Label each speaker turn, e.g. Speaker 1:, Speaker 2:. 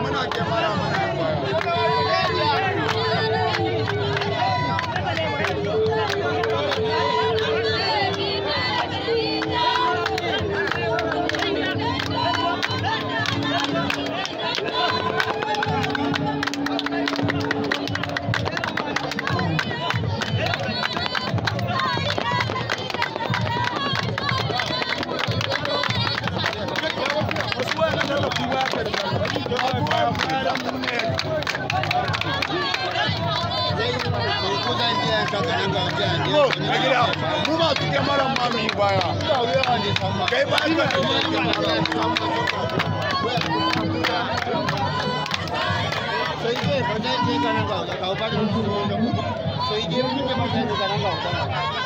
Speaker 1: Muna kema 随便
Speaker 2: 放点鸡肝汤，然后把这猪骨。随便我们这边放的。